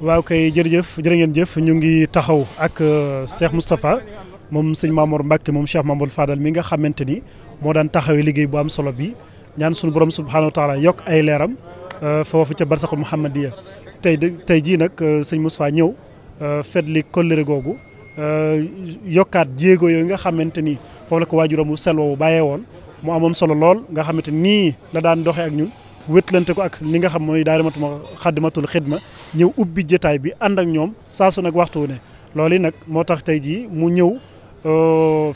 waaw kay jërëjëf jërë ngeen jëf ñu ngi taxaw ak euh, Cheikh Moustapha moom sëñ Mamour Mbacke moom Cheikh Mamour Fadal mi nga xamante ni moo daan taxawee liggéey bu am solo bi ñaan sunu borom subhanahu wa yokk ay leeram Euh, foofu ca barsaxul muhammadiya tey tey jii nag euh, sëñ Moustapha ñëw euh, fetli kollëre googu yokkaat jéego yooyu nga xamante ni foofu la ko waajuram mu sell woowu bàyyee woon mu amoon solo lool nga xamante nii la daan doxee ak ñun wétlante ko ak li nga xam mooy daayiramatuma xaddimatul xidma ñëw ubbi jataay bi ànd ak ñoom saa su nag waxtu ne loolu nag moo tax tey jii mu ñëw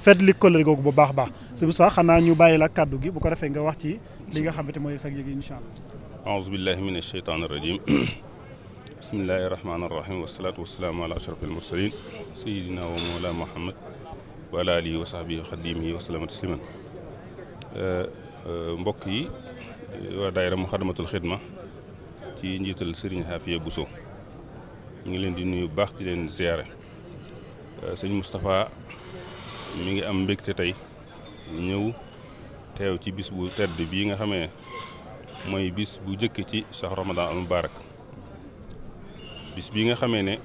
fetli kollëre googu bu baax baax sëñ Moustapha xanaa ñu bàyyi la kàddu gi bu ko defee nga wax ci li nga xamante mooy sax yëg insha allah aousubillahi min alsheytaan irajim bismillahi irrahmani irrahim wasalatu wasalaamu ala ashraf almursalin sayidina wa mawla muhammad wa ala alihi wa sahbihi wa xadimihi wa salama tasliman mbokk yi waa daayira muxadamatul xidma ci njiital sëriñ xaafiya buso ñu ngi leen di nuyu baax di leen ziyaare sëñ Moustapha mi ngi am mbégte tey ñëw teew ci bisbu bu tedd bii nga xamee mooy bis bu jëkk ci sax ramadan al mubarak bis bi nga xamee ne eh,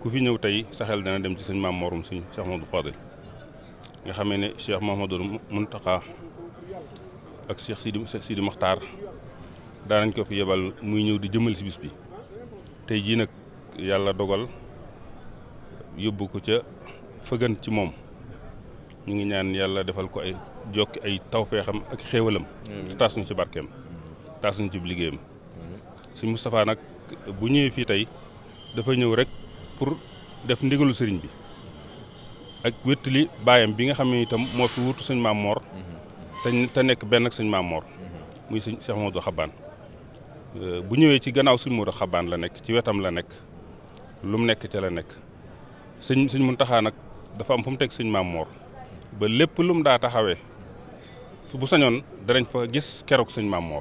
ku fi ñëw tey saxel dana dem ci sëñ maam morum sëñ Cheikh Mamadou Fadil nga xamee ne Cheikh Mamadou Muntaqa ak Cheikh Sidi Sidi Maxtaar daanañ ko fi yebal muy ñëw di jëmal si bis bi tey jii nag yàlla dogal yóbbu ko ca fëggan ci moom ñu ngi ñaan yàlla defal ko ay jokki ay tawfeexam ak xéewalam tas ci barkeem taasuñ ci liggéeyam sëñ Moustapha nag bu ñëwee fii tey dafa ñëw rek pour def ndigalu sëriñ bi ak wéttali baayam bi nga xam ne itam moo fi wutu sëñ Maam Moor te nekk benn sëñ maamoor muy sëñ Cheikh Modou Xabaan euh, bu ñëwee ci gannaaw sëñ Modou la nekk ci wetam la nekk lu mu nekk ca la nekk sëñ sëñ Muntaxa nag dafa am fu mu teg sëñ Maam ba lépp lu mu daa taxawee bu sañoon danañ fa gis keroog sëñ Maam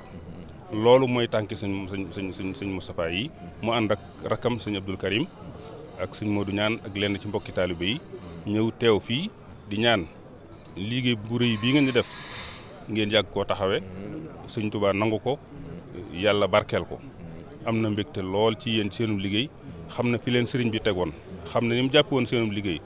loolu mooy tànki sëñ sëñ sëñ sëñ Moustapha yi mu ànd ak rakkam sëñ Abdul Karim ak sëñ du ñaan ak lenn ci mbokki taalibe yi ñëw teew fii di ñaan liggéey bu rëy bii ngeen di def ngeen yàgg koo taxawe sëñ tubaa nangu ko yàlla barkeel ko am na mbégte lool ci yéen seenum liggéey xam na fi leen sëriñ bi tegoon xam na ni mu jàpp woon seenum liggéey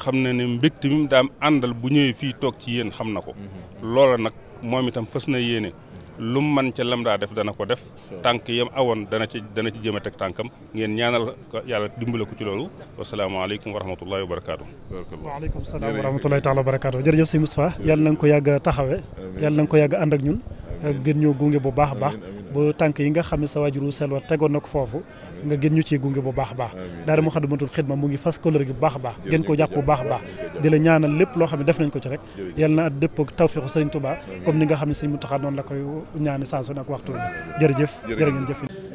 xam na ne mbégte mi mu daam àndal bu ñëwee fii toog ci yéen xam na ko mhm. loola nag moom itam fës na yéene lu mu mën ca lam daa def dana ko def tànk yam awoon dana ci dana ci jëm a teg tànkam ngeen ñaanal yàlla dimbale ko ci loolu wasalaamaaleykum wa rahmatullahi wa barakaatu waaleykum salaam wa rahmatullahi taala wa barakaatu jërëjëf si Moustapha yàlla na nga ko yàgg taxawe yàlla na nga ko yàgg ànd ak ñun gën ñoo gunge bu baax a baax ba tànk yi nga xam ne sa waajuru selwa tegoon na ko foofu nga gën ñu ciy gunge bu baax a baax daara mu xadamatul xidma mu ngi fas kolër gi bu baax a baax gën ko jàpp bu baax a baax di la ñaanal lépp loo xam ne def nañ ko ci rek yal na at dëpp ak tawféexu sëriñ Touba comme ni nga xam ne sëriñ Mountakha noonu la koy ñaane saa su nekk waxtu jërëjëf jërë ngeen jëf